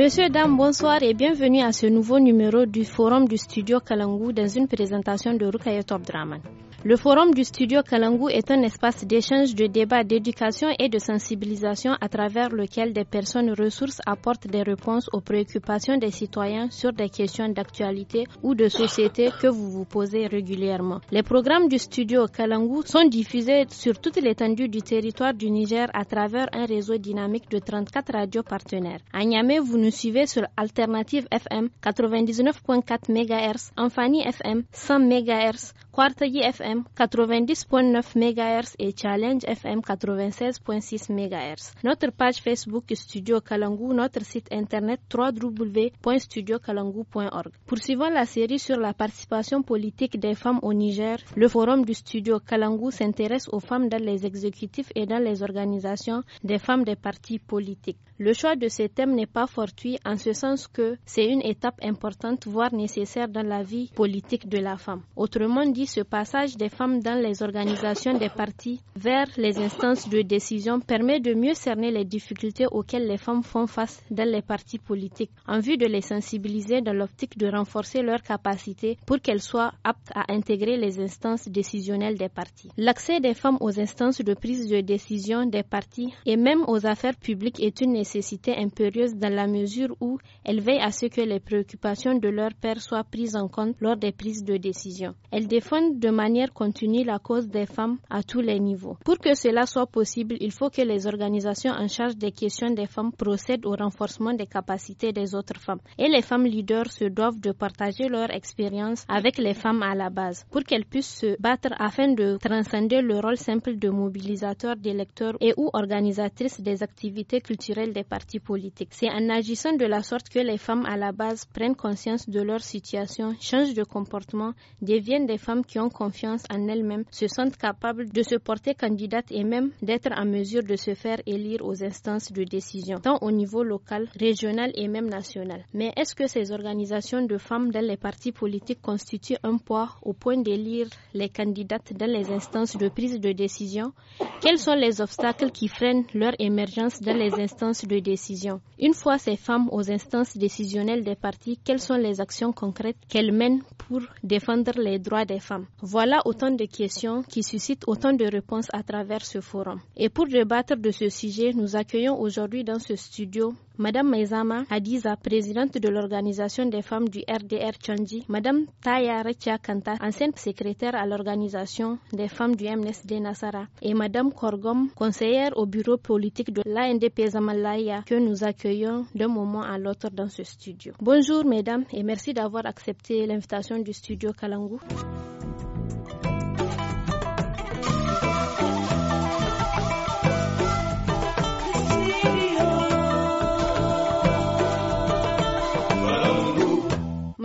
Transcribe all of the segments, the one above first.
Monsieur, dames, bonsoir et bienvenue à ce nouveau numéro du Forum du Studio Kalangu dans une présentation de Top Draman. Le forum du studio Kalangu est un espace d'échange, de débat, d'éducation et de sensibilisation à travers lequel des personnes ressources apportent des réponses aux préoccupations des citoyens sur des questions d'actualité ou de société que vous vous posez régulièrement. Les programmes du studio Kalangu sont diffusés sur toute l'étendue du territoire du Niger à travers un réseau dynamique de 34 radios partenaires. À Niamey, vous nous suivez sur Alternative FM 99.4 MHz, Amphani FM 100 MHz, Quartier FM 90.9 MHz et Challenge FM 96.6 MHz. Notre page Facebook Studio Kalangu, notre site internet www.studiokalangu.org. Poursuivons la série sur la participation politique des femmes au Niger. Le forum du Studio Kalangu s'intéresse aux femmes dans les exécutifs et dans les organisations des femmes des partis politiques. Le choix de ce thème n'est pas fortuit en ce sens que c'est une étape importante voire nécessaire dans la vie politique de la femme. Autrement dit, ce passage des femmes dans les organisations des partis vers les instances de décision permet de mieux cerner les difficultés auxquelles les femmes font face dans les partis politiques en vue de les sensibiliser dans l'optique de renforcer leurs capacités pour qu'elles soient aptes à intégrer les instances décisionnelles des partis. L'accès des femmes aux instances de prise de décision des partis et même aux affaires publiques est une nécessité impérieuse dans la mesure où elles veillent à ce que les préoccupations de leurs pairs soient prises en compte lors des prises de décision de manière continue la cause des femmes à tous les niveaux. Pour que cela soit possible, il faut que les organisations en charge des questions des femmes procèdent au renforcement des capacités des autres femmes. Et les femmes leaders se doivent de partager leur expérience avec les femmes à la base pour qu'elles puissent se battre afin de transcender le rôle simple de mobilisateur d'électeurs et ou organisatrice des activités culturelles des partis politiques. C'est en agissant de la sorte que les femmes à la base prennent conscience de leur situation, changent de comportement, deviennent des femmes qui ont confiance en elles-mêmes se sentent capables de se porter candidate et même d'être en mesure de se faire élire aux instances de décision, tant au niveau local, régional et même national. Mais est-ce que ces organisations de femmes dans les partis politiques constituent un poids au point d'élire les candidates dans les instances de prise de décision Quels sont les obstacles qui freinent leur émergence dans les instances de décision Une fois ces femmes aux instances décisionnelles des partis, quelles sont les actions concrètes qu'elles mènent pour défendre les droits des femmes voilà autant de questions qui suscitent autant de réponses à travers ce forum. Et pour débattre de ce sujet, nous accueillons aujourd'hui dans ce studio Madame Maizama Hadiza, présidente de l'organisation des femmes du RDR Chandji, Madame Taya Kanta, ancienne secrétaire à l'organisation des femmes du MNSD Nassara, et Madame Korgom, conseillère au bureau politique de l'ANDP Zamalaya, que nous accueillons d'un moment à l'autre dans ce studio. Bonjour mesdames et merci d'avoir accepté l'invitation du studio Kalangu.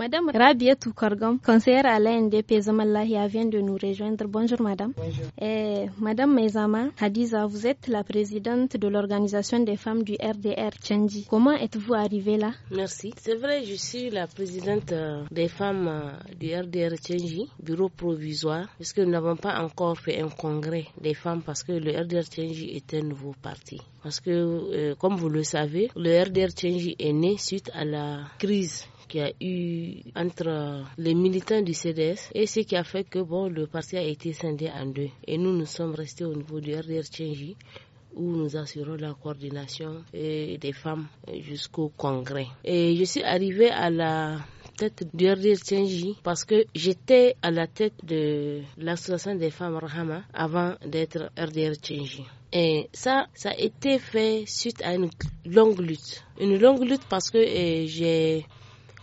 Madame Rabia Toukorgom, conseillère à l'ANDP Zamallah, vient de nous rejoindre. Bonjour, madame. Bonjour. Et, eh, madame Mezama Hadiza, vous êtes la présidente de l'organisation des femmes du RDR Tchendi. Comment êtes-vous arrivée là Merci. C'est vrai, je suis la présidente euh, des femmes euh, du RDR Tchengi, bureau provisoire, puisque nous n'avons pas encore fait un congrès des femmes parce que le RDR Tchengi est un nouveau parti. Parce que, euh, comme vous le savez, le RDR Tchengi est né suite à la crise qu'il y a eu entre les militants du CDS et ce qui a fait que bon, le parti a été scindé en deux. Et nous, nous sommes restés au niveau du RDR Tchengi où nous assurons la coordination des femmes jusqu'au congrès. Et je suis arrivée à la tête du RDR Tchengi parce que j'étais à la tête de l'association des femmes Rahama avant d'être RDR Tchengi. Et ça, ça a été fait suite à une longue lutte. Une longue lutte parce que eh, j'ai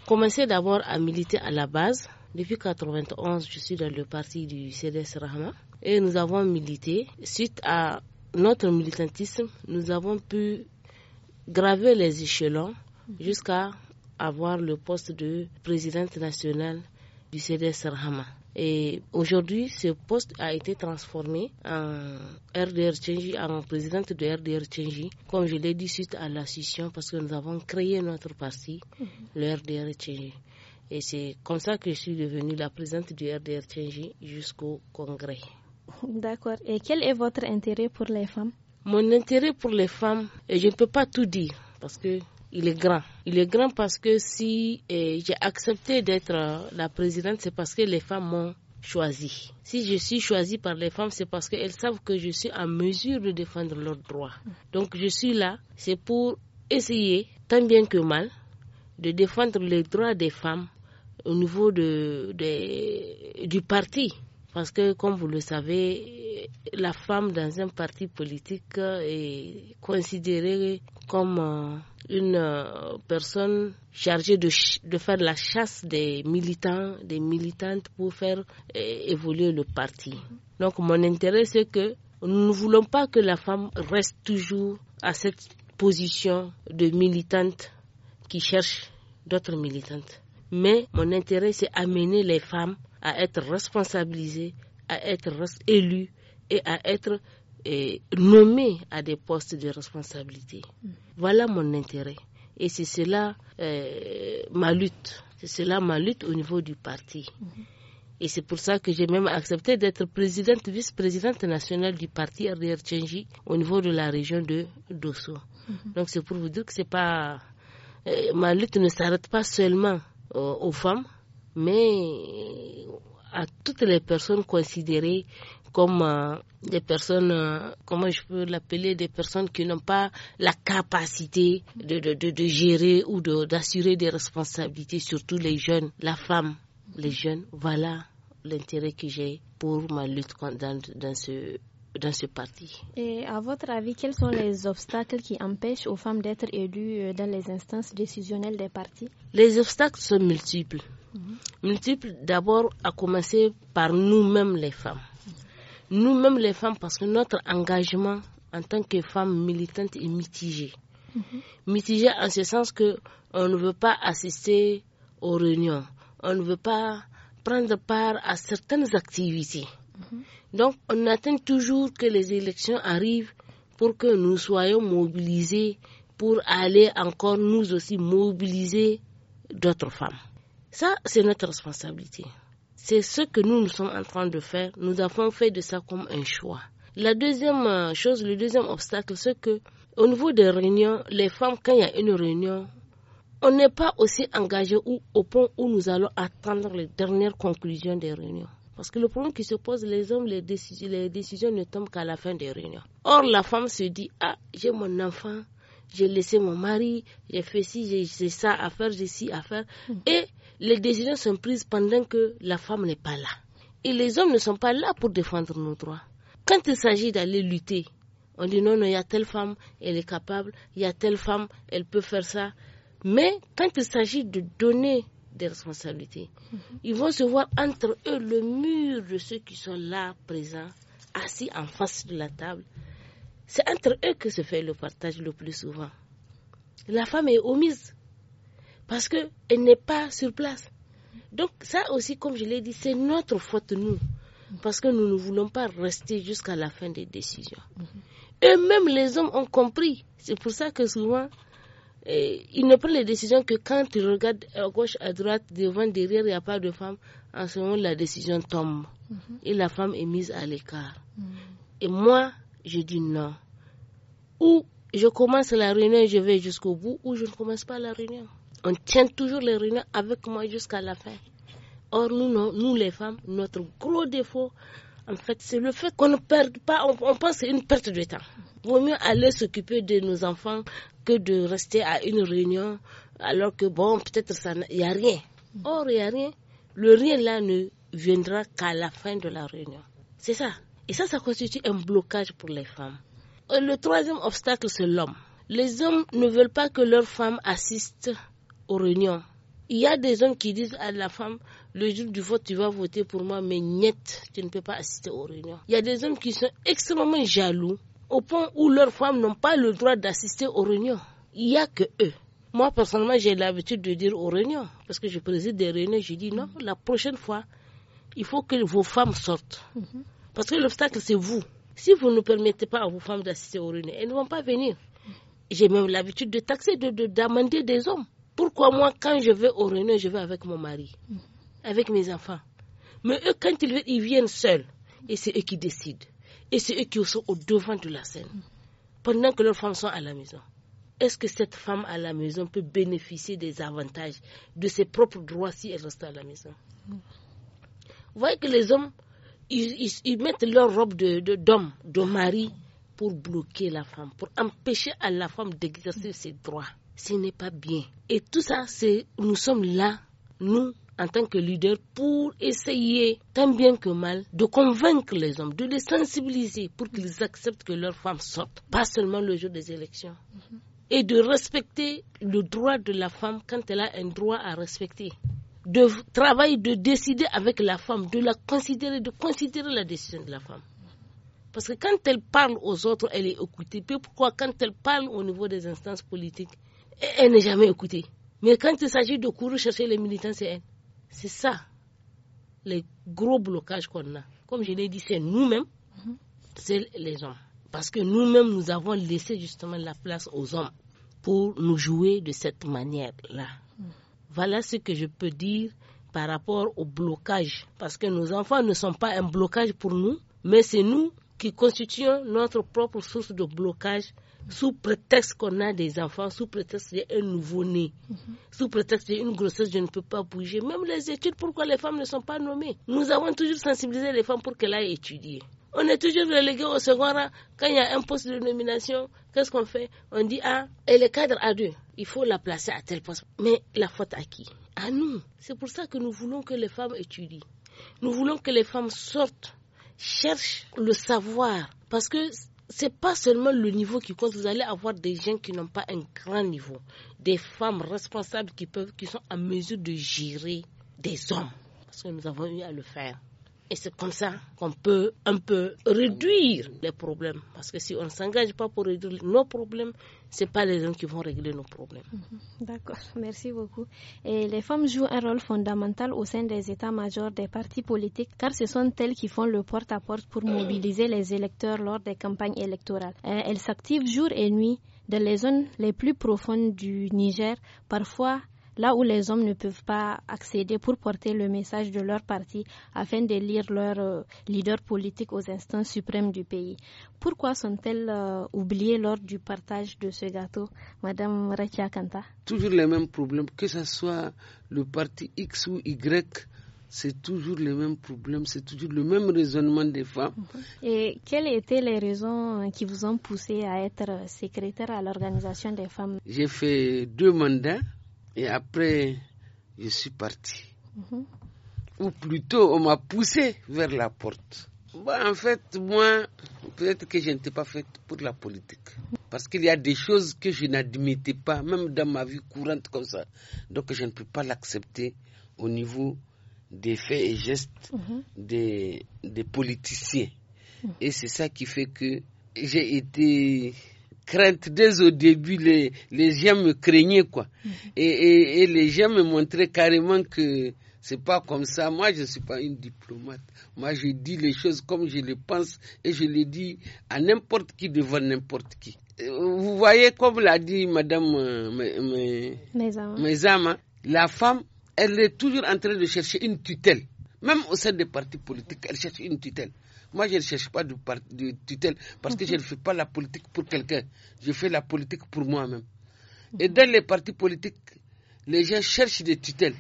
commencé d'abord à militer à la base. Depuis 1991, je suis dans le parti du CDS Rahama et nous avons milité. Suite à notre militantisme, nous avons pu graver les échelons jusqu'à avoir le poste de présidente nationale du CDS Rahama. Et aujourd'hui, ce poste a été transformé en RDR Tchengi, en présidente de RDR Tchengi, comme je l'ai dit suite à la scission, parce que nous avons créé notre parti, mhm. le RDR Tchengi. Et c'est comme ça que je suis devenue la présidente du RDR Tchengi jusqu'au congrès. D'accord. Et quel est votre intérêt pour les femmes Mon intérêt pour les femmes, et je ne peux pas tout dire, parce que il est grand. Il est grand parce que si eh, j'ai accepté d'être euh, la présidente, c'est parce que les femmes m'ont choisi. Si je suis choisie par les femmes, c'est parce qu'elles savent que je suis en mesure de défendre leurs droits. Donc je suis là, c'est pour essayer, tant bien que mal, de défendre les droits des femmes au niveau du parti. Parce que, comme vous le savez, la femme dans un parti politique est considérée comme euh, une euh, personne chargée de, faire la chasse des militants, des militantes pour faire euh, évoluer le parti. Donc, mon intérêt, c'est que nous ne voulons pas que la femme reste toujours à cette position de militante qui cherche d'autres militantes. Mais mon intérêt, c'est amener les femmes à être responsabilisé, à être élu et à être nommé à des postes de responsabilité. Voilà mon intérêt. Et c'est cela euh, ma lutte. C'est cela ma lutte au niveau du parti. Et c'est pour ça que j'ai même accepté d'être présidente, vice-présidente nationale du parti RDR Tchengi au niveau de la région de Dosso. Donc c'est pour vous dire que c'est pas. Euh, ma lutte ne s'arrête pas seulement euh, aux femmes, mais à toutes les personnes considérées comme euh, des personnes, euh, comment je peux l'appeler, des personnes qui n'ont pas la capacité de, de, gérer ou d'assurer des responsabilités, surtout les jeunes, la femme, les jeunes. Voilà l'intérêt que j'ai pour ma lutte dans, dans ce dans ce parti. Et à votre avis, quels sont les obstacles qui empêchent aux femmes d'être élues euh, dans les instances décisionnelles des partis Les obstacles sont multiples multiple d'abord, à commencer par nous-mêmes les femmes. Nous-mêmes les femmes, parce que notre engagement en tant que femmes militantes est mitigé. Mhm. Mitigé en ce sens que on ne veut pas assister aux réunions, on ne veut pas prendre part à certaines activités. Mhm. Donc, on attend toujours que les élections arrivent pour que nous soyons mobilisés pour aller encore nous aussi mobiliser d'autres femmes. Ça, c'est notre responsabilité. C'est ce que nous, nous sommes en train de faire. Nous avons fait de ça comme un choix. La deuxième euh, chose, le deuxième obstacle, c'est que au niveau des réunions, les femmes, quand il y a une réunion, on n'est pas aussi engagé ou au point où nous allons attendre les dernières conclusions des réunions. Parce que le problème qui se pose, les hommes, les décisions, les décisions ne tombent qu'à la fin des réunions. Or, la femme se dit, ah, j'ai mon enfant, j'ai laissé mon mari, j'ai fait ci, j'ai ça à faire, j'ai ci à faire. Hmm. Et les décisions sont prises pendant que la femme n'est pas là. Et les hommes ne sont pas là pour défendre nos droits. Quand il s'agit d'aller lutter, on dit non, non, il y a telle femme, elle est capable, il y a telle femme, elle peut faire ça. Mais quand il s'agit de donner des responsabilités, mhm. ils vont se voir entre eux le mur de ceux qui sont là présents, assis en face de la table. C'est entre eux que se fait le partage le plus souvent. La femme est omise parce qu'elle n'est pas sur place. Donc ça aussi, comme je l'ai dit, c'est notre faute, nous, parce que nous ne voulons pas rester jusqu'à la fin des décisions. Mhm. Et même les hommes ont compris. C'est pour ça que souvent, eh, ils ne prennent les décisions que quand ils regardent à gauche, à droite, devant, derrière, il n'y a pas de femme. En ce moment, la décision tombe. Mhm. Et la femme est mise à l'écart. Mhm. Et moi, je dis non. Ou je commence la réunion et je vais jusqu'au bout, ou je ne commence pas la réunion on tient toujours les réunions avec moi jusqu'à la fin. Or, nous, nous les femmes, notre gros défaut, en fait, c'est le fait qu'on ne perde pas, on, pense c'est une perte de temps. Vaut mieux aller s'occuper de nos enfants que de rester à une réunion alors que, bon, peut-être il n'y a rien. Or, il n'y a rien. Le rien là ne viendra qu'à la fin de la réunion. C'est ça. Et ça, ça constitue un blocage pour les femmes. Euh, le troisième obstacle, c'est l'homme. Les hommes ne veulent pas que leurs femmes assistent aux Il y a des hommes qui disent à la femme, le jour du vote, tu vas voter pour moi, mais niette, tu ne peux pas assister aux réunions. Il y a des hommes qui sont extrêmement jaloux, au point où leurs femmes n'ont pas le droit d'assister aux réunions. Il n'y a que eux. Moi, personnellement, j'ai l'habitude de dire aux réunions, parce que je préside des réunions, je dis non, la prochaine fois, il faut que vos femmes sortent. Mhm. Parce que l'obstacle, c'est vous. Si vous ne permettez pas à vos femmes d'assister aux réunions, elles ne vont pas venir. J'ai même l'habitude de taxer, de, d'amender des hommes. Pourquoi moi, quand je vais au réunion, je vais avec mon mari, avec mes enfants Mais eux, quand ils, ils viennent seuls, et c'est eux qui décident. Et c'est eux qui sont au devant de la scène. Pendant que leurs femmes sont à la maison. Est-ce que cette femme à la maison peut bénéficier des avantages, de ses propres droits si elle reste à la maison Vous voyez que les hommes, ils, mettent leur robe d'homme, de, de mari, pour bloquer la femme, pour empêcher à la femme d'exercer ses droits ce n'est pas bien. Et tout ça, c'est nous sommes là, nous, en tant que leaders, pour essayer, tant bien que mal, de convaincre les hommes, de les sensibiliser pour qu'ils acceptent que leurs femmes sortent, pas seulement le jour des élections. Mm-hmm. Et de respecter le droit de la femme quand elle a un droit à respecter de travailler, de décider avec la femme, de la considérer, de considérer la décision de la femme. Parce que quand elle parle aux autres, elle est écoutée. pourquoi quand elle parle au niveau des instances politiques, elle n'est jamais écoutée. Mais quand il s'agit de courir chercher les militants, c'est elle. C'est ça, les gros blocages qu'on a. Comme je l'ai dit, c'est nous-mêmes, mhm. c'est les hommes. Parce que nous-mêmes, nous avons laissé justement la place aux hommes pour nous jouer de cette manière-là. Mhm. Voilà ce que je peux dire par rapport au blocage. Parce que nos enfants ne sont pas un blocage pour nous, mais c'est nous qui constituons notre propre source de blocage sous prétexte qu'on a des enfants, sous prétexte un nouveau-né, mhm. prétexte qu'il sous prétexte d'une grossesse, je ne peux pas bouger. Même les études, pourquoi les femmes ne sont pas nommées Nous avons toujours sensibilisé les femmes pour qu'elles aillent étudier. On est toujours relégué au second rang. Quand il y a un poste de nomination, qu'est-ce qu'on fait On dit Ah, Et est cadre à deux. Il faut la placer à tel poste. Mais la faute à qui À nous. C'est pour ça que nous voulons que les femmes étudient. Nous voulons que les femmes sortent, cherchent le savoir. Parce que ce n'est pas seulement le niveau qui compte. Vous allez avoir des gens qui n'ont pas un grand niveau, des femmes responsables qui peuvent, qui sont en mesure de gérer des hommes, parce que nous avons eu à le faire. Et c'est comme ça qu'on peut un peu réduire les problèmes. Parce que si on ne s'engage pas pour réduire nos problèmes, ce pas les hommes qui vont régler nos problèmes. Mhm. D'accord, merci beaucoup. Et les femmes jouent un rôle fondamental au sein des états-majors des partis politiques car ce sont elles qui font le porte-à-porte -porte pour mobiliser les électeurs lors des campagnes électorales. Euh, elles s'activent jour et nuit dans les zones les plus profondes du Niger, parfois là où les hommes ne peuvent pas accéder pour porter le message de leur parti afin d'élire leur euh, leader politique aux instances suprêmes du pays. Pourquoi sont-elles euh, oubliées lors du partage de ce gâteau, Madame Rakia Kanta Toujours les mêmes problèmes, que ce soit le parti X ou Y c'est toujours les mêmes problèmes c'est toujours le même raisonnement des femmes. Mhm. Et quelles étaient les raisons euh, qui vous ont poussé à être secrétaire à l'organisation des femmes J'ai fait deux mandats et après, je suis parti. Mhm. Ou plutôt, on m'a poussé vers la porte. Bah, en fait, moi, peut-être que je n'étais pas faite pour la politique. Parce qu'il y a des choses que je n'admettais pas, même dans ma vie courante comme ça. Donc, je ne peux pas l'accepter au niveau des faits et gestes mhm. des, politiciens. Mhm. Et c'est ça qui fait que j'ai été crainte. Dès au début, les, les gens me craignaient, quoi. Mhm. Et, et, les gens me montraient carrément que c'est pas comme ça. Moi, je ne suis pas une diplomate. Moi, je dis les choses comme je les pense et je les dis à n'importe qui devant n'importe qui. Euh, vous voyez, comme l'a dit Madame euh, Mesama, la femme, elle est toujours en train de chercher une tutelle. Même au sein des partis politiques, elle cherche une tutelle. Moi, je ne cherche pas de, tutelle parce que je ne fais pas la politique pour quelqu'un. Je fais la politique pour moi-même. Et mhm. dans les partis politiques, les gens cherchent des tutelles.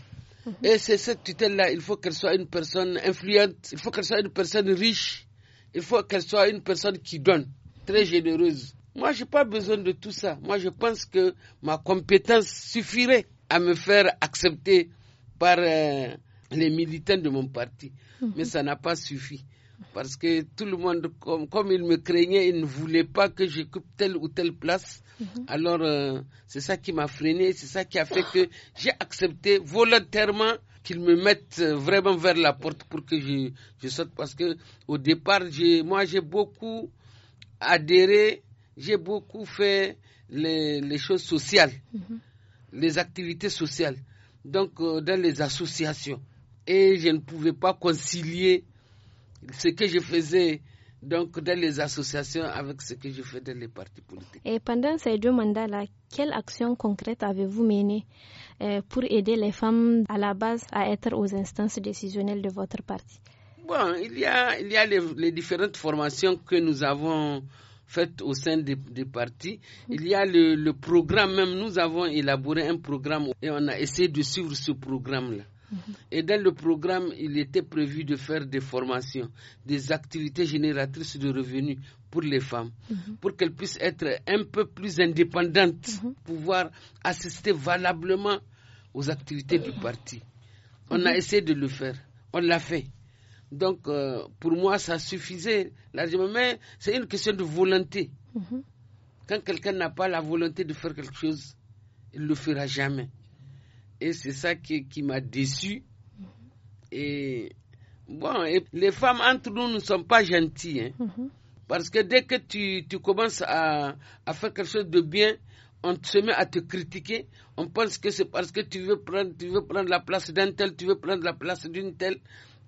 Mhm. Et c'est cette tutelle-là, il faut qu'elle soit une personne influente, il faut qu'elle soit une personne riche, il faut qu'elle soit une personne qui donne, très généreuse. Moi, je n'ai pas besoin de tout ça. Moi, je pense que ma compétence suffirait à me faire accepter par euh, les militants de mon parti. Mhm. Mais ça n'a pas suffi parce que tout le monde, comme, comme il me craignait, il ne voulait pas que j'occupe telle ou telle place. Mhm. Alors, euh, c'est ça qui m'a freiné, c'est ça qui a fait que j'ai accepté volontairement qu'ils me mettent euh, vraiment vers la porte pour que je, je sorte. Parce que au départ, moi, j'ai beaucoup adhéré, j'ai beaucoup fait les, les choses sociales, mhm. les activités sociales, donc euh, dans les associations. Et je ne pouvais pas concilier ce que je faisais donc dans les associations avec ce que je fais dans les partis politiques. Et pendant ces deux mandats-là, quelle action concrète avez-vous menée euh, pour aider les femmes à la base à être aux instances décisionnelles de votre parti Bon, il y a, les, différentes formations que nous avons faites au sein des, partis. Mm-hmm. Il y a le programme même, nous avons élaboré un programme et on a essayé de suivre ce programme-là. Et dans le programme, il était prévu de faire des formations, des activités génératrices de revenus pour les femmes, mhm. pour qu'elles puissent être un peu plus indépendantes, mhm. pouvoir assister valablement aux activités du parti. On a mhm. essayé de le faire, on l'a fait. Donc, euh, pour moi, ça suffisait Mais c'est une question de volonté. Quand quelqu'un n'a pas la volonté de faire quelque chose, il ne le fera jamais. Et c'est ça qui, m'a déçu. Et bon, les femmes entre nous ne sont pas gentilles. Hein. Mhm. Parce que dès que tu, tu commences à, à, faire quelque chose de bien, on se met à te critiquer. On pense que c'est parce que tu veux prendre, tu veux prendre la place d'un tel, tu veux prendre la place d'une telle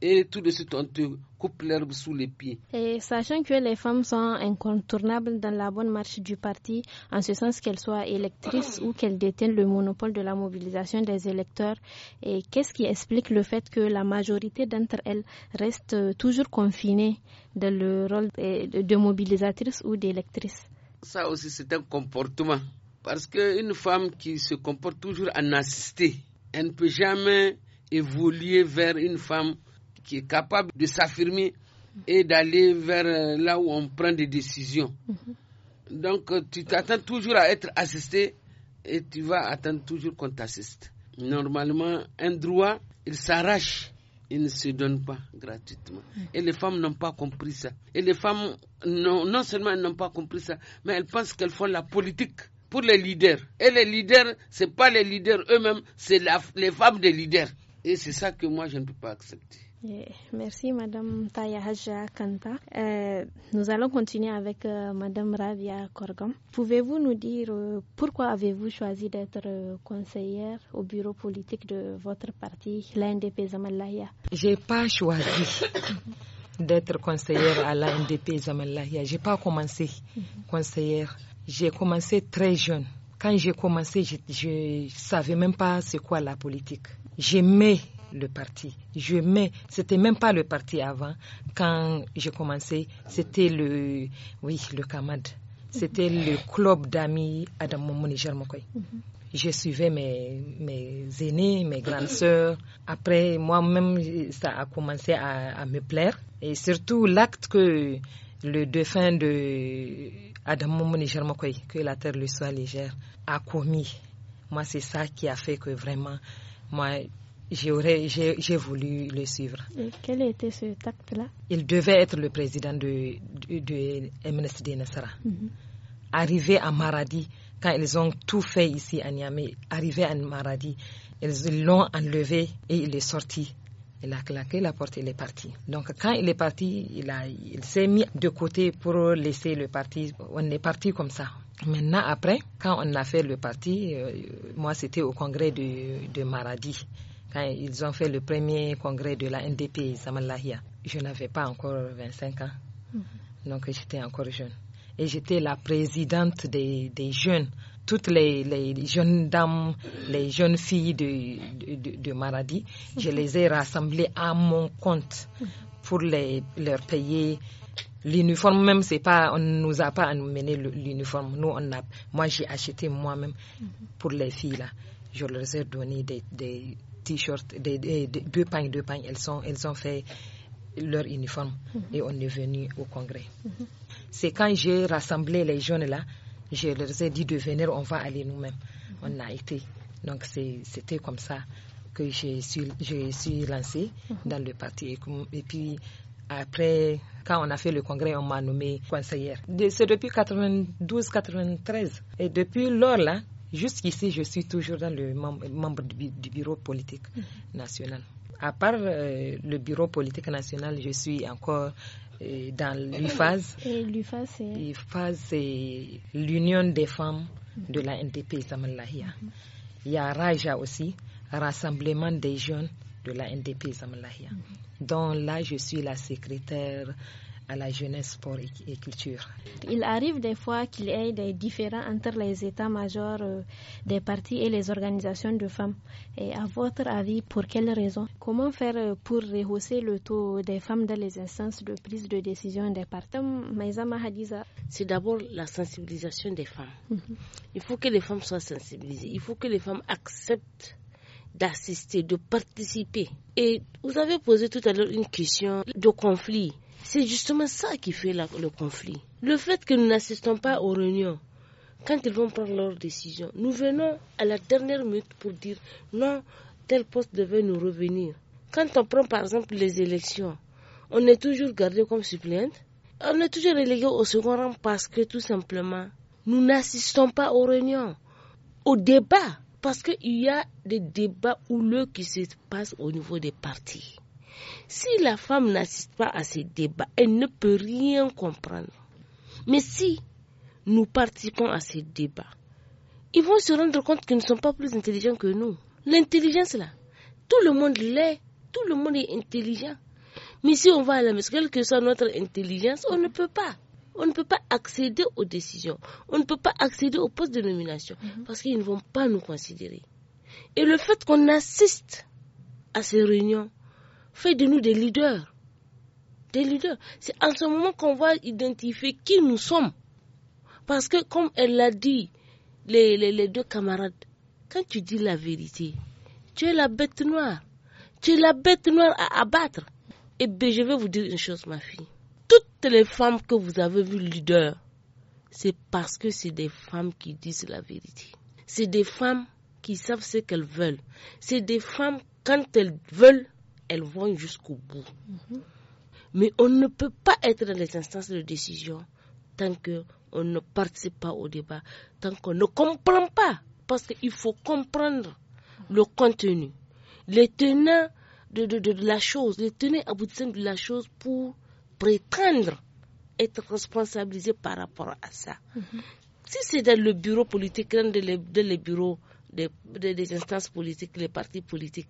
et tout de suite on te coupe l'herbe sous les pieds. Et sachant que les femmes sont incontournables dans la bonne marche du parti, en ce sens qu'elles soient électrices ou qu'elles détiennent le monopole de la mobilisation des électeurs, et qu'est-ce qui explique le fait que la majorité d'entre elles reste toujours confinée dans le rôle de mobilisatrice ou d'électrice Ça aussi c'est un comportement. Parce qu'une femme qui se comporte toujours en assistée, elle ne peut jamais évoluer vers une femme qui est capable de s'affirmer et d'aller vers euh, là où on prend des décisions. Mhm. Donc euh, tu t'attends toujours à être assisté et tu vas attendre toujours qu'on t'assiste. Normalement, un droit, il s'arrache, il ne se donne pas gratuitement. Et les femmes n'ont pas compris ça. Et les femmes, non, non seulement elles n'ont pas compris ça, mais elles pensent qu'elles font la politique pour les leaders. Et les leaders, ce n'est pas les leaders eux-mêmes, c'est les femmes des leaders. Et c'est ça que moi, je ne peux pas accepter. Merci Madame Taya Haja Kanta. Euh, nous allons continuer avec Mme euh, Madame Ravia Korgam. Pouvez-vous nous dire euh, pourquoi avez-vous choisi d'être conseillère au bureau politique de votre parti, l'ANDP Zamalaya n'ai pas choisi d'être conseillère à l'ANDP Zamalaya. n'ai pas commencé conseillère. J'ai commencé très jeune. Quand j'ai commencé, je, ne savais même pas c'est quoi la politique. J'aimais le parti. Je mets, c'était même pas le parti avant. Quand j'ai commencé, c'était le, oui, le Kamad. C'était le club d'amis Adam Momouni mhm. Je suivais mes, mes aînés, mes grandes sœurs. Après, moi-même, ça a commencé à, me plaire. Et surtout, l'acte que le défunt de Adam Momouni Mokoi, que la terre lui soit légère, a commis. Moi, c'est ça qui a fait que vraiment, moi, j'aurais, j'ai, voulu le suivre. Et quel était ce tact là Il devait être le président de, de, MNSD Nassara. Mhm. Arrivé à Maradi, quand ils ont tout fait ici à Niamey, arrivé à Maradi, ils l'ont enlevé et il est sorti. Il a claqué la porte, et il est parti. Donc quand il est parti, il, a, il s'est mis de côté pour laisser le parti. On est parti comme ça. Maintenant, après, quand on a fait le parti, euh, moi c'était au congrès de, de Maradi ils ont fait le premier congrès de la NDP Zamalahia, je n'avais pas encore 25 ans. Mhm. Donc j'étais encore jeune. Et j'étais la présidente des, jeunes, toutes les, jeunes dames, les jeunes filles de, de, Maradi. Je mhm. les ai rassemblées à mon compte mhm. pour les, leur payer L'uniforme même, c'est pas, on nous a pas amené l'uniforme. Nous, on a, moi, j'ai acheté moi-même pour les filles là. Je leur ai donné des, t shirt des, deux pains, deux pains. Elles, sont, elles ont fait leur uniforme mm-hmm. et on est venu au congrès. Mm-hmm. C'est quand j'ai rassemblé les jeunes là, je leur ai dit de venir, on va aller nous-mêmes. Mm-hmm. On a été. Donc c'était comme ça que je suis, je suis lancée dans le parti. Et puis après, quand on a fait le congrès, on m'a nommée conseillère. C'est depuis 92-93. Et depuis lors là, Jusqu'ici, je suis toujours dans le membre, du, bureau politique mm-hmm. national. À part euh, le bureau politique national, je suis encore euh, dans l'UFAS. Euh, L'UFAS, c'est l'Union des femmes de la NDP Zamalahia. Mm-hmm. Il y a Raja aussi, Rassemblement des jeunes de la NDP Zamalahia. Mm-hmm. Donc là, je suis la secrétaire à la jeunesse, sport et, culture. Il arrive des fois qu'il y ait des différends entre les états-majors euh, des partis et les organisations de femmes. Et à votre avis, pour quelles raisons Comment faire euh, pour rehausser le taux des femmes dans les instances de prise de décision des partis C'est d'abord la sensibilisation des femmes. Mhm. Il faut que les femmes soient sensibilisées. Il faut que les femmes acceptent d'assister, de participer. Et vous avez posé tout à l'heure une question de conflit. C'est justement ça qui fait le conflit. Le fait que nous n'assistons pas aux réunions, quand ils vont prendre leurs décisions, nous venons à la dernière minute pour dire non, tel poste devait nous revenir. Quand on prend par exemple les élections, on est toujours gardé comme suppléante, on est toujours relégué au second rang parce que tout simplement, nous n'assistons pas aux réunions, aux débats, parce qu'il y a des débats houleux qui se passent au niveau des partis. Si la femme n'assiste pas à ces débats, elle ne peut rien comprendre. Mais si nous participons à ces débats, ils vont se rendre compte qu'ils ne sont pas plus intelligents que nous. L'intelligence, là, tout le monde l'est, tout le monde est intelligent. Mais si on va à la messe, quelle que soit notre intelligence, on ne peut pas. On ne peut pas accéder aux décisions. On ne peut pas accéder aux postes de nomination mhm. parce qu'ils ne vont pas nous considérer. Et le fait qu'on assiste à ces réunions, Faites de nous des leaders. Des leaders. C'est en ce moment qu'on va identifier qui nous sommes. Parce que, comme elle l'a dit, les, deux camarades, quand tu dis la vérité, tu es la bête noire. Tu es la bête noire à abattre. Et eh bien, je vais vous dire une chose, ma fille. Toutes les femmes que vous avez vues leaders, c'est parce que c'est des femmes qui disent la vérité. C'est des femmes qui savent ce qu'elles veulent. C'est des femmes, quand elles veulent, elles vont jusqu'au bout. Mhm. Mais on ne peut pas être dans les instances de décision tant qu'on ne participe pas au débat, tant qu'on ne comprend pas, parce qu'il faut comprendre le contenu, les tenants de, la chose, les tenants aboutissants de la chose pour prétendre être responsabilisé par rapport à ça. Mhm. Si c'est dans le bureau politique, dans les, dans les bureaux des, instances politiques, les partis politiques.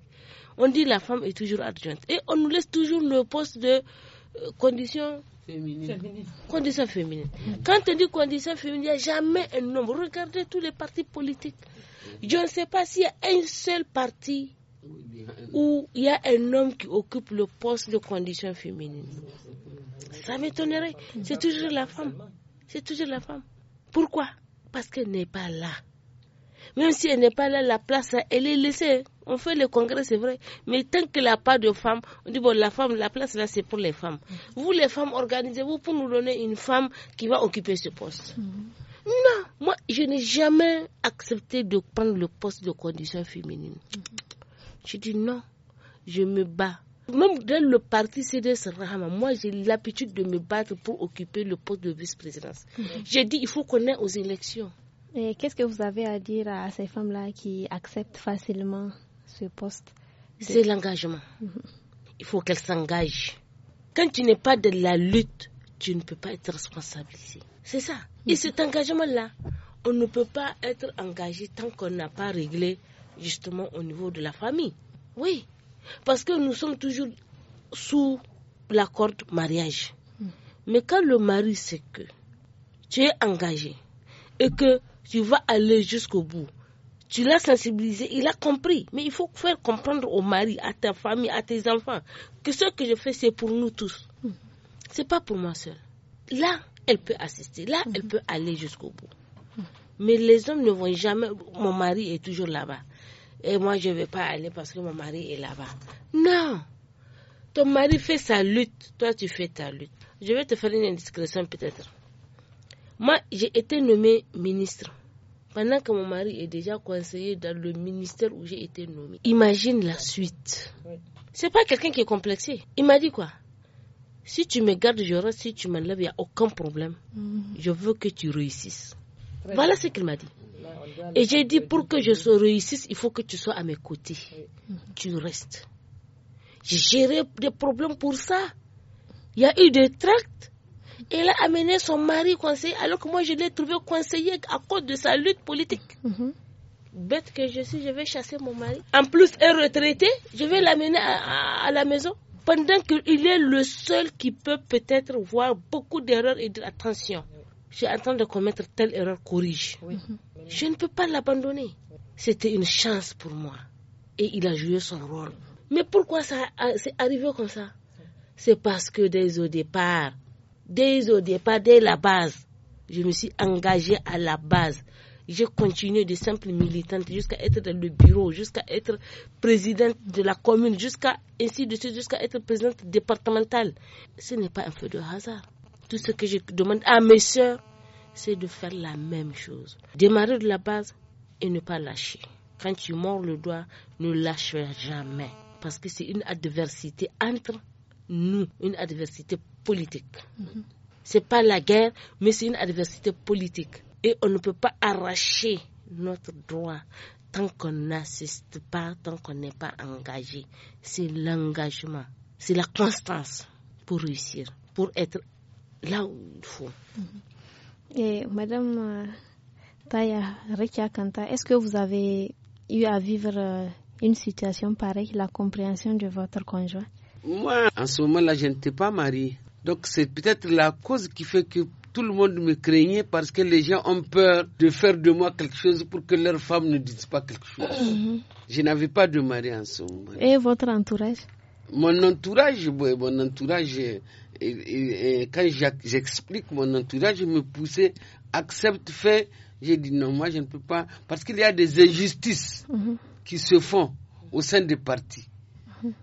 On dit la femme est toujours adjointe. Et on nous laisse toujours le poste de euh, condition féminine. Condition féminine. Quand on dit condition féminine, il n'y a jamais un homme. Regardez tous les partis politiques. Je ne sais pas s'il y a un seul parti euh, où il y a un homme qui occupe le poste de condition féminine. Ça m'étonnerait. C'est toujours la femme. C'est toujours la femme. Pourquoi Parce qu'elle n'est pas là. Même si elle n'est pas là, la place, elle est laissée. On fait le congrès, c'est vrai. Mais tant qu'il n'y pas de femmes, on dit, bon, la femme, la place là, c'est pour les femmes. Mm-hmm. Vous, les femmes, organisez-vous pour nous donner une femme qui va occuper ce poste. Mm-hmm. Non, moi, je n'ai jamais accepté de prendre le poste de condition féminine. Mm-hmm. Je dis non, je me bats. Même dans le parti CDS Rahama, moi j'ai l'habitude de me battre pour occuper le poste de vice-présidence. J'ai dit il faut qu'on ait aux élections. Et qu'est-ce que vous avez à dire à ces femmes-là qui acceptent facilement ce poste C'est l'engagement. Mhm. Il faut qu'elles s'engagent. Quand tu n'es pas de la lutte, tu ne peux pas être ici. C'est ça. Et mhm. cet engagement-là, on ne peut pas être engagé tant qu'on n'a pas réglé justement au niveau de la famille. Oui, parce que nous sommes toujours sous la corde mariage. Mhm. Mais quand le mari sait que tu es engagé et que tu vas aller jusqu'au bout. Tu l'as sensibilisé, il a compris. Mais il faut faire comprendre au mari, à ta famille, à tes enfants, que ce que je fais, c'est pour nous tous. C'est pas pour moi seule. Là, elle peut assister. Là, elle peut aller jusqu'au bout. Mais les hommes ne vont jamais. Mon mari est toujours là-bas. Et moi, je ne vais pas aller parce que mon mari est là-bas. Non. Ton mari fait sa lutte. Toi, tu fais ta lutte. Je vais te faire une indiscrétion peut-être. Moi, j'ai été nommée ministre. Pendant que mon mari est déjà conseiller dans le ministère où j'ai été nommée. Imagine la suite. C'est pas quelqu'un qui est complexé. Il m'a dit quoi Si tu me gardes, je reste. Si tu m'enlèves, il n'y a aucun problème. Mhm. Je veux que tu réussisses. voilà ce qu'il m'a dit. Et j'ai dit pour que je réussisse, il faut que tu sois à mes côtés. Tu restes. J'ai géré des problèmes pour ça. Il y a eu des tracts. Elle a amené son mari conseiller, alors que moi, je l'ai trouvé conseiller à cause de sa lutte politique. Mhm. bête que je suis, je vais chasser mon mari. En plus, un retraité, je vais l'amener à, la maison. Pendant qu'il est le seul qui peut peut-être voir beaucoup d'erreurs et dire attention, je suis en train de commettre telle erreur, corrige. Mhm. Je ne peux pas l'abandonner. C'était une chance pour moi. Et il a joué son rôle. Mais pourquoi ça s'est arrivé comme ça C'est parce que dès au départ, dès au départ, dès la base, je me suis engagée à la base. J'ai continué de simple militante jusqu'à être dans le bureau, jusqu'à être présidente de la commune, jusqu'à ainsi de suite, jusqu'à être présidente départementale. Ce n'est pas un feu de hasard. Tout ce que je demande à mes soeurs, c'est de faire la même chose. Démarrer de la base et ne pas lâcher. Quand tu mords le doigt, ne lâche jamais. Parce que c'est une adversité entre nous, une adversité politique. C'est pas la guerre, mais c'est une adversité politique. Et on ne peut pas arracher notre droit tant qu'on n'assiste pas, tant qu'on n'est pas engagé. C'est l'engagement, c'est la constance pour réussir, pour être là où il faut. Mm-hmm. Et Madame euh, Taya Rekia Kanta, est-ce que vous avez eu à vivre euh, une situation pareille, la compréhension de votre conjoint Moi, en ce moment-là, je n'étais pas mariée. Donc c'est peut-être la cause qui fait que tout le monde me craignait parce que les gens ont peur de faire de moi quelque chose pour que leur femme ne dise pas quelque chose. Mhm. Je n'avais pas de mari en ce Et votre entourage Mon entourage, mon entourage, euh, euh, quand j'explique, mon entourage me poussait, accepte, fait. J'ai dit non, moi je ne peux pas, parce qu'il y a des injustices mhm. qui se font au sein des partis.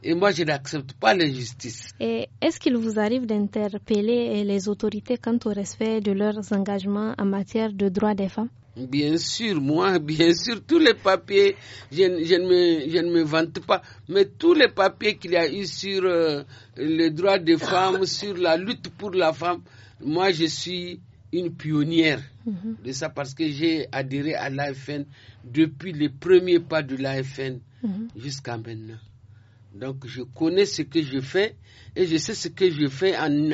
Et moi, je n'accepte pas l'injustice. Et est-ce qu'il vous arrive d'interpeller les autorités quant au respect de leurs engagements en matière de droits des femmes Bien sûr, moi, bien sûr, tous les papiers, je, ne, me, vante pas, mais tous les papiers qu'il y a eu sur euh, les droits des femmes, sur la lutte pour la femme, moi, je suis une pionnière mhm. de ça parce que j'ai adhéré à l'AFN depuis les premiers pas de l'AFN mhm. jusqu'à maintenant. Donc je connais ce que je fais et je sais ce que je fais en,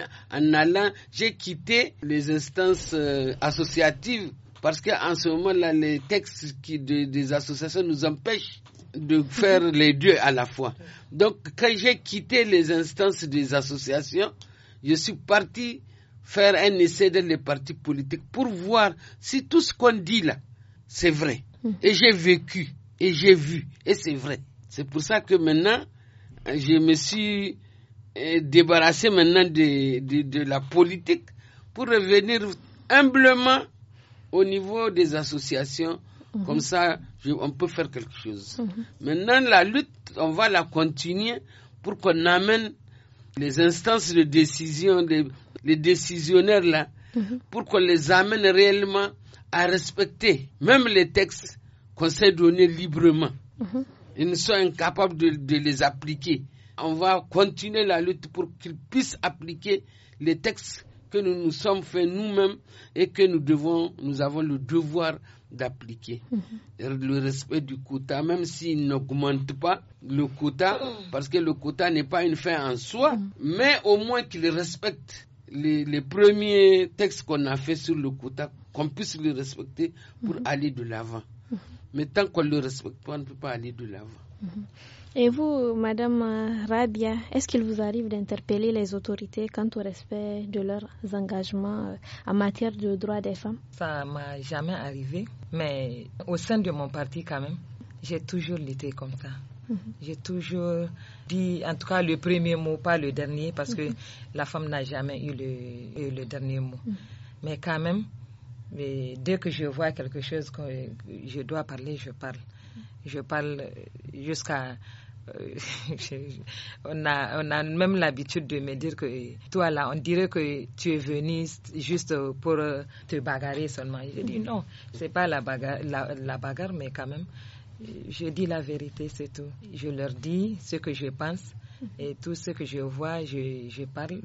allant. J'ai quitté les instances euh, associatives parce qu'en ce moment-là, les textes qui, des associations nous empêchent de faire les deux à la fois. Donc quand j'ai quitté les instances des associations, je suis parti faire un essai dans les partis politiques pour voir si tout ce qu'on dit là, c'est vrai. Hum. Et j'ai vécu, et j'ai vu, et c'est vrai. C'est pour ça que maintenant, je me suis euh, débarrassé maintenant de, de, la politique pour revenir humblement au niveau des associations. Mhm. Comme ça, on peut faire quelque chose. Mhm. Maintenant, la lutte, on va la continuer pour qu'on amène les instances de décision, les, décisionnaires là, mhm. pour qu'on les amène réellement à respecter même les textes qu'on s'est donnés librement. Ils ne sont incapables de, les appliquer. On va continuer la lutte pour qu'ils puissent appliquer les textes que nous nous sommes faits nous-mêmes et que nous avons le devoir d'appliquer. Mhm. Le respect du quota, même s'il n'augmente pas le quota, parce que le quota n'est pas une fin en soi, mhm. mais au moins qu'il respecte les, premiers textes qu'on a fait sur le quota, qu'on puisse les respecter pour mhm. aller de l'avant. Mais tant qu'on ne le respecte pas, on ne peut pas aller de l'avant. Mhm. Et vous, Madame Rabia, est-ce qu'il vous arrive d'interpeller les autorités quant au respect de leurs engagements euh, en matière de droits des femmes Ça m'a jamais arrivé, mais au sein de mon parti quand même, j'ai toujours lutté comme ça. Mhm. J'ai toujours dit, en tout cas, le premier mot, pas le dernier, parce que mhm. la femme n'a jamais eu le, dernier mot. Mais quand même, mais dès que je vois quelque chose que je dois parler, je parle. Je parle euh, jusqu'à. Euh, on, a, on a même l'habitude de me dire que toi là, on dirait que tu es venu juste pour euh, te bagarrer seulement. Je dis non, c'est pas la bagarre, la bagarre, mais quand même, je dis la vérité, c'est tout. Je leur dis ce que je pense et tout ce que je vois, je, je parle.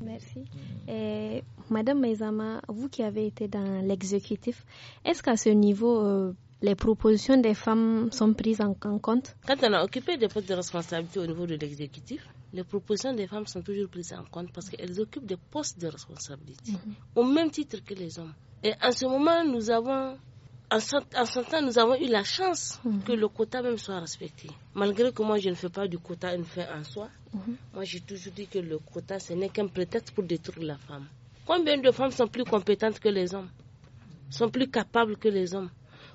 Merci. Et, Madame Maizama, vous qui avez été dans l'exécutif, est-ce qu'à ce niveau, euh, les propositions des femmes sont prises en, compte Quand on a occupé des postes de responsabilité au niveau de l'exécutif, les propositions des femmes sont toujours prises en compte parce qu'elles occupent des postes de responsabilité, mhm. au même titre que les hommes. Et en ce moment, nous avons en ce temps, nous avons eu la chance mhm. que le quota même soit respecté. Malgré que moi, je ne fais pas du quota une fin en soi, mhm. moi, j'ai toujours dit que le quota, ce n'est qu'un prétexte pour détruire la femme. Combien de femmes sont plus compétentes que les hommes Sont plus capables que les hommes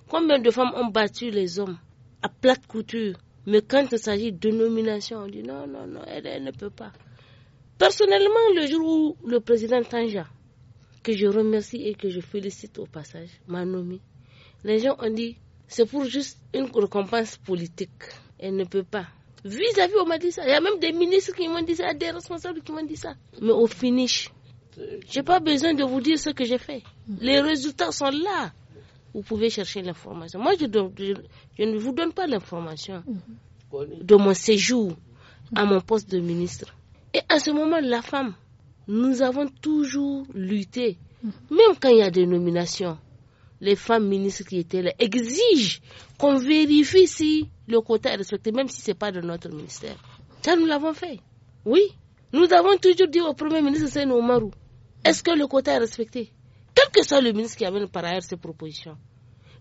Combien de femmes ont battu les hommes à plate couture Mais quand il s'agit de nomination, on dit non, non, non, elle, elle ne peut pas. Personnellement, le jour où le président Tanja, que je remercie et que je félicite au passage, m'a nommé les gens ont dit c'est pour juste une récompense politique. Elle ne peut pas. Vis-à-vis, on m'a dit ça. Il y a même des ministres qui m'ont dit ça, des responsables qui m'ont dit ça. Mais au finish, j'ai pas besoin de vous dire ce que j'ai fait. Les résultats sont là. Vous pouvez chercher l'information. Moi, je, je, ne vous donne pas l'information de mon séjour à mon poste de ministre. Et à ce moment, la femme, nous avons toujours lutté, même quand il y a des nominations les femmes ministres qui étaient là exigent qu'on vérifie si le quota est respecté, même si ce n'est pas de notre ministère. Ça, nous l'avons fait. Oui. Nous avons toujours dit au Premier ministre c'est Omarou, est-ce que le quota est respecté Quel que soit le ministre qui amène par ailleurs ses propositions.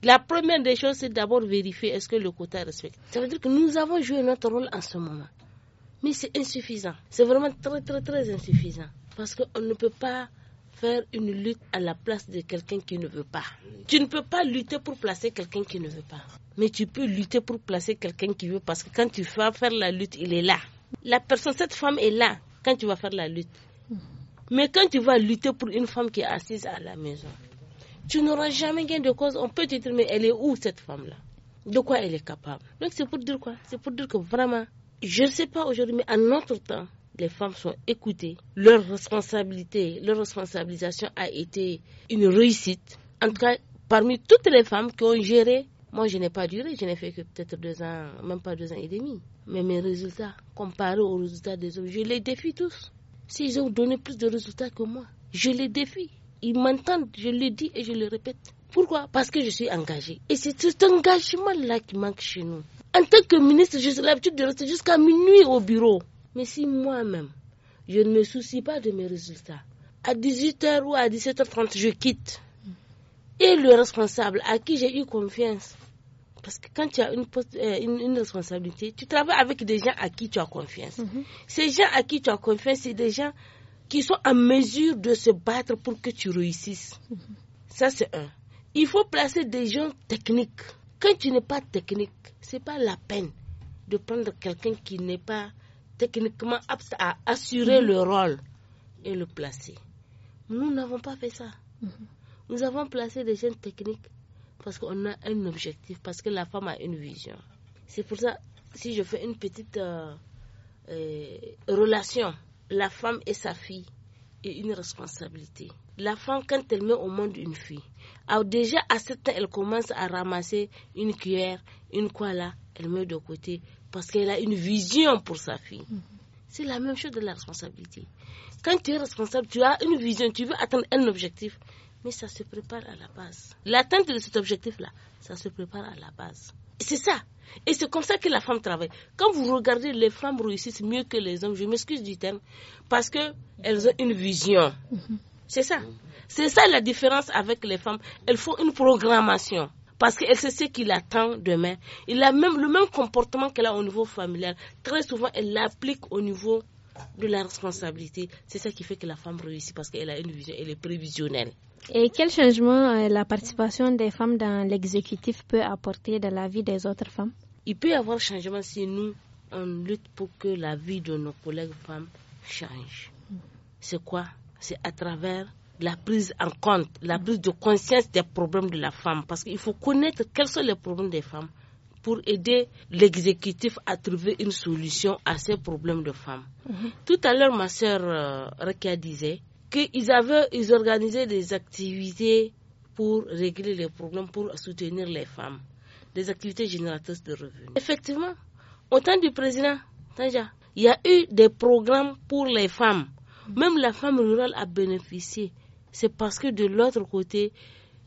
La première des choses, c'est d'abord vérifier est-ce que le quota est respecté. Ça veut dire que nous avons joué notre rôle en ce moment. Mais c'est insuffisant. C'est vraiment très, très, très insuffisant. Parce qu'on ne peut pas faire une lutte à la place de quelqu'un qui ne veut pas. Tu ne peux pas lutter pour placer quelqu'un qui ne veut pas. Mais tu peux lutter pour placer quelqu'un qui veut parce que quand tu vas faire la lutte, il est là. La personne, cette femme est là quand tu vas faire la lutte. Mais quand tu vas lutter pour une femme qui est assise à la maison, tu n'auras jamais gain de cause. On peut te dire, mais elle est où cette femme-là De quoi elle est capable Donc c'est pour dire quoi C'est pour dire que vraiment, je ne sais pas aujourd'hui, mais à notre temps, les femmes sont écoutées, leur responsabilité, leur responsabilisation a été une réussite. En tout cas, parmi toutes les femmes qui ont géré, moi je n'ai pas duré, je n'ai fait que peut-être deux ans, même pas deux ans et demi. Mais mes résultats, comparés aux résultats des hommes, je les défie tous. S'ils ont donné plus de résultats que moi, je les défie. Ils m'entendent, je le dis et je le répète. Pourquoi Parce que je suis engagée. Et c'est cet engagement-là qui manque chez nous. En tant que ministre, j'ai l'habitude de rester jusqu'à minuit au bureau. Mais si moi-même, je ne me soucie pas de mes résultats, à 18h ou à 17h30, je quitte. Et le responsable à qui j'ai eu confiance, parce que quand tu as une, euh, une, responsabilité, tu travailles avec des gens à qui tu as confiance. Mhm. Ces gens à qui tu as confiance, c'est des gens qui sont en mesure de se battre pour que tu réussisses. Mhm. Ça, c'est un. Il faut placer des gens techniques. Quand tu n'es pas technique, ce n'est pas la peine de prendre quelqu'un qui n'est pas techniquement aptes à assurer mhm. le rôle et le placer. Nous n'avons pas fait ça. Mhm. Nous avons placé des jeunes techniques parce qu'on a un objectif, parce que la femme a une vision. C'est pour ça, si je fais une petite euh, euh, relation, la femme et sa fille est une responsabilité. La femme, quand elle met au monde une fille, ah, déjà à 7 ans, elle commence à ramasser une cuillère, une quoi là, elle met de côté parce qu'elle a une vision pour sa fille. Mm-hmm. C'est la même chose de la responsabilité. Quand tu es responsable, tu as une vision, tu veux atteindre un objectif, mais ça se prépare à la base. L'atteinte de cet objectif-là, ça se prépare à la base. C'est ça. Et c'est comme ça que la femme travaille. Quand vous regardez, les femmes réussissent mieux que les hommes, je m'excuse du terme, parce qu'elles ont une vision. Mm-hmm. C'est ça. C'est ça la différence avec les femmes. Elles font une programmation parce qu'elle sait ce qu'il attend demain. Il a même le même comportement qu'elle a au niveau familial. Très souvent, elle l'applique au niveau de la responsabilité. C'est ça qui fait que la femme réussit parce qu'elle a une vision, elle est prévisionnelle. Et quel changement euh, la participation des femmes dans l'exécutif peut apporter dans la vie des autres femmes Il peut y avoir changement si nous, on lutte pour que la vie de nos collègues femmes change. Mm. C'est quoi C'est à travers la prise en compte, la prise de conscience des problèmes de la femme. Parce qu'il faut connaître quels sont les problèmes des femmes pour aider l'exécutif à trouver une solution à ces problèmes de femmes. Mhm. Tout à l'heure, ma sœur euh, Rekia disait qu'ils avaient, ils organisaient des activités pour régler les problèmes, pour soutenir les femmes, des activités génératrices de revenus. Effectivement, au temps du président Tanja, il y a eu des programmes pour les femmes. Mhm. Même la femme rurale a bénéficié c'est parce que de l'autre côté,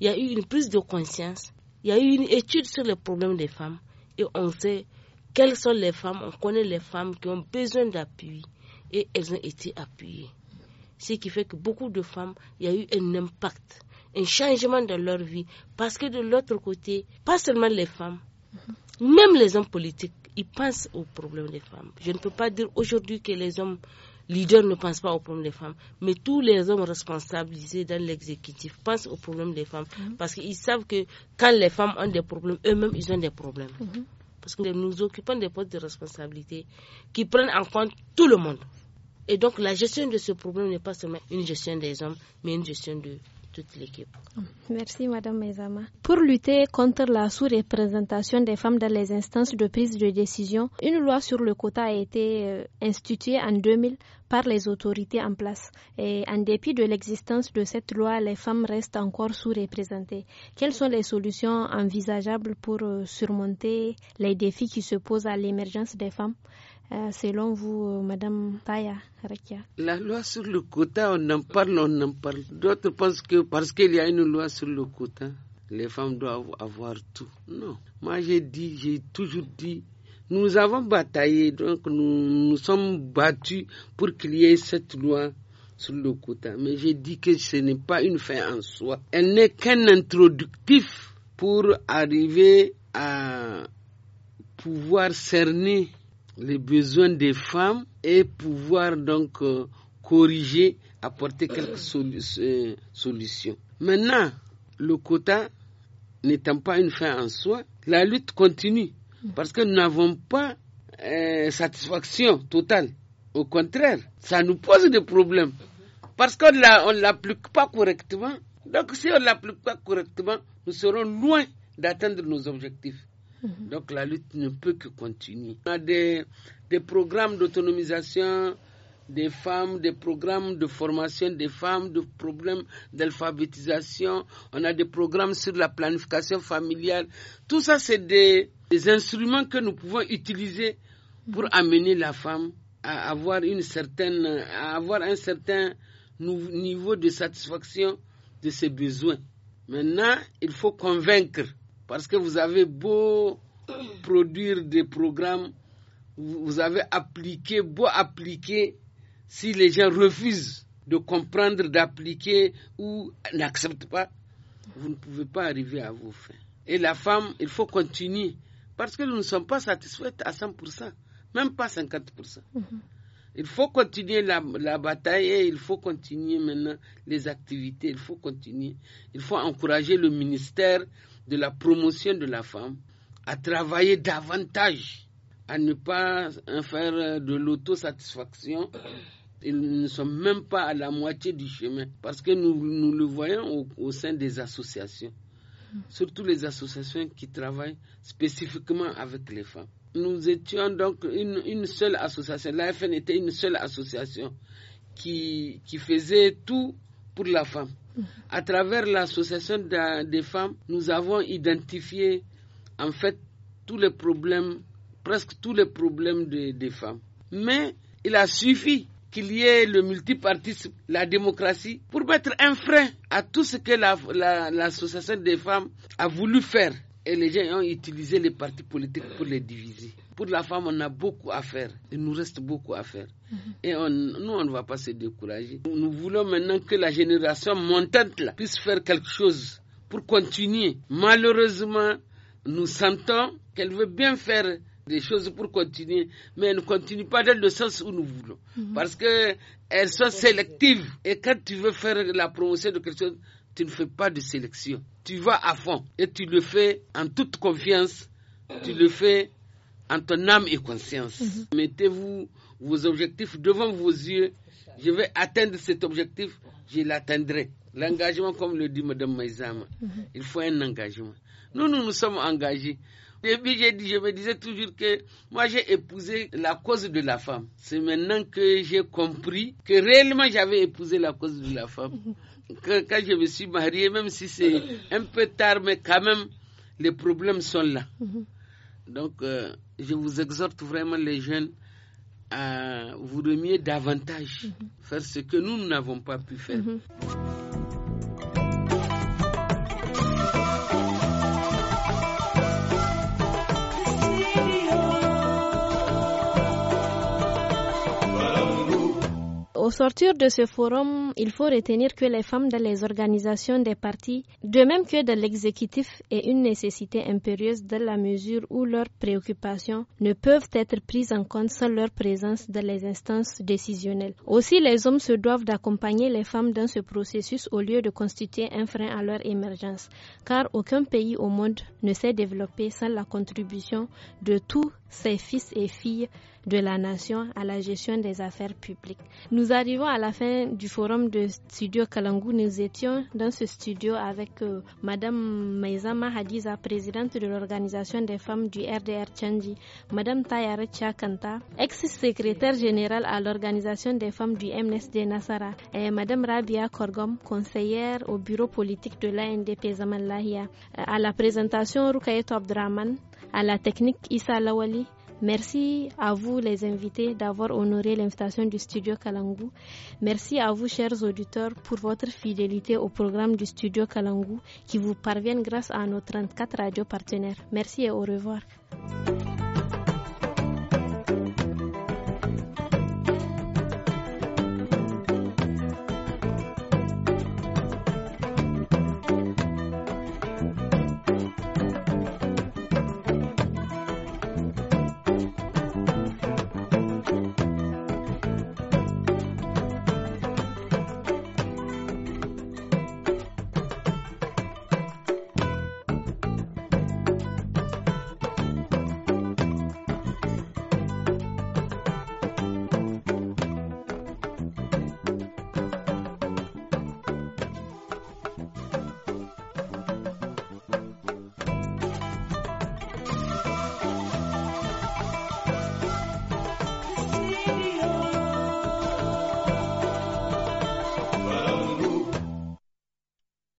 il y a eu une prise de conscience, il y a eu une étude sur les problèmes des femmes et on sait quelles sont les femmes, on connaît les femmes qui ont besoin d'appui et elles ont été appuyées. Ce qui fait que beaucoup de femmes, il y a eu un impact, un changement dans leur vie parce que de l'autre côté, pas seulement les femmes, même les hommes politiques, ils pensent aux problèmes des femmes. Je ne peux pas dire aujourd'hui que les hommes leaders ne pensent pas au problème des femmes, mais tous les hommes responsabilisés dans l'exécutif pensent au problème des femmes mhm. parce qu'ils savent que quand les femmes ont des problèmes, eux-mêmes, ils ont des problèmes. Mhm. Parce que nous occupons des postes de responsabilité qui prennent en compte tout le monde. Et donc la gestion de ce problème n'est pas seulement une gestion des hommes, mais une gestion de toute l'équipe. Merci, Madame Mezama. Pour lutter contre la sous-représentation des femmes dans les instances de prise de décision, une loi sur le quota a été euh, instituée en 2000 par les autorités en place. Et en dépit de l'existence de cette loi, les femmes restent encore sous-représentées. Quelles sont les solutions envisageables pour euh, surmonter les défis qui se posent à l'émergence des femmes euh, selon vous, euh, Madame Taya Rakia La loi sur le quota, on en parle, on en parle. D'autres pensent que parce qu'il y a une loi sur le quota, les femmes doivent avoir tout. Non. Moi, j'ai dit, j'ai toujours dit, nous avons bataillé, donc nous nous sommes battus pour qu'il y ait cette loi sur le quota. Mais j'ai dit que ce n'est pas une fin en soi. Elle n'est qu'un introductif pour arriver à pouvoir cerner les besoins des femmes et pouvoir donc euh, corriger, apporter quelques euh, solutions. Maintenant, le quota n'étant pas une fin en soi, la lutte continue parce que nous n'avons pas euh, satisfaction totale. Au contraire, ça nous pose des problèmes parce qu'on ne l'applique pas correctement. Donc si on ne l'applique pas correctement, nous serons loin d'atteindre nos objectifs. Mhm. Donc la lutte ne peut que continuer. On a des, des programmes d'autonomisation des femmes, des programmes de formation des femmes, des problèmes d'alphabétisation, on a des programmes sur la planification familiale. Tout ça, c'est des, des instruments que nous pouvons utiliser pour amener la femme à avoir une certaine, à avoir un certain niveau de satisfaction de ses besoins. Maintenant, il faut convaincre parce que vous avez beau produire des programmes, vous avez appliqué, beau appliquer, si les gens refusent de comprendre, d'appliquer ou n'acceptent pas, vous ne pouvez pas arriver à vos fins. Et la femme, il faut continuer parce que nous ne sommes pas satisfaits à 100%, même pas 50%. Mhm. Il faut continuer la, bataille et il faut continuer maintenant les activités, il faut continuer. Il faut encourager le ministère de la promotion de la femme à travailler davantage, à ne pas faire euh, de l'autosatisfaction. Ils ne sommes même pas à la moitié du chemin parce que nous, le voyons au sein des associations surtout les associations qui travaillent spécifiquement avec les femmes. Nous étions donc une, seule association. FN était une seule association qui, faisait tout pour la femme. À travers l'association des femmes, nous avons identifié en fait tous les problèmes, presque tous les problèmes des femmes. Mais il a suffi qu'il y ait le multipartisme, la démocratie, pour mettre un frein à tout ce que l'association des femmes a voulu faire. Et les gens ont utilisé les partis politiques pour les diviser. Pour la femme, on a beaucoup à faire. Il nous reste beaucoup à faire. Mhm. Et nous, on ne va pas se décourager. Nous voulons maintenant que la génération montante puisse faire quelque chose pour continuer. Malheureusement, nous sentons qu'elle veut bien faire des choses pour continuer, mais elles ne continuent pas dans le sens où nous voulons. Mhm. parce que Parce qu'elles sont sélectives. Et quand tu veux faire la promotion de quelque chose, tu ne fais pas de sélection. Tu vas à fond et tu le fais en toute confiance, tu le fais en ton âme et conscience. Mhm. Mettez-vous vos objectifs devant vos yeux. Je vais atteindre cet objectif, je l'atteindrai. L'engagement, comme le dit Mme Maïzama, mhm. il faut un engagement. Nous, nous nous sommes engagés début, je me disais toujours que moi, j'ai épousé la cause de la femme. C'est maintenant que j'ai compris que réellement, j'avais épousé la cause de la femme. Quand, je me suis marié, même si c'est un peu tard, mais quand même, les problèmes sont là. Donc, euh, je vous exhorte vraiment, les jeunes, à vous remuer davantage, faire ce que nous n'avons pas pu faire. Au sortir de ce forum, il faut retenir que les femmes dans les organisations des partis, de même que dans l'exécutif, est une nécessité impérieuse dans la mesure où leurs préoccupations ne peuvent être prises en compte sans leur présence dans les instances décisionnelles. Aussi, les hommes se doivent d'accompagner les femmes dans ce processus au lieu de constituer un frein à leur émergence, car aucun pays au monde ne s'est développé sans la contribution de tous ses fils et filles de la nation à la gestion des affaires publiques. Nous arrivons à la fin du forum de Studio Kalangou. Nous étions dans ce studio avec euh, Madame Maisama Hadiza, présidente de l'organisation des femmes du RDR Tchandji, Madame Tayare Chakanta, ex-secrétaire générale à l'organisation des femmes du MNSD Nassara, et Madame Rabia Korgom, conseillère au bureau politique de l'ANDP Zaman euh, À la présentation, Rukayet Abdraman, à la technique Issa Lawali, Merci à vous, les invités, d'avoir honoré l'invitation du studio Kalangu. Merci à vous, chers auditeurs, pour votre fidélité au programme du studio Kalangu qui vous parvient grâce à nos 34 radios partenaires. Merci et au revoir.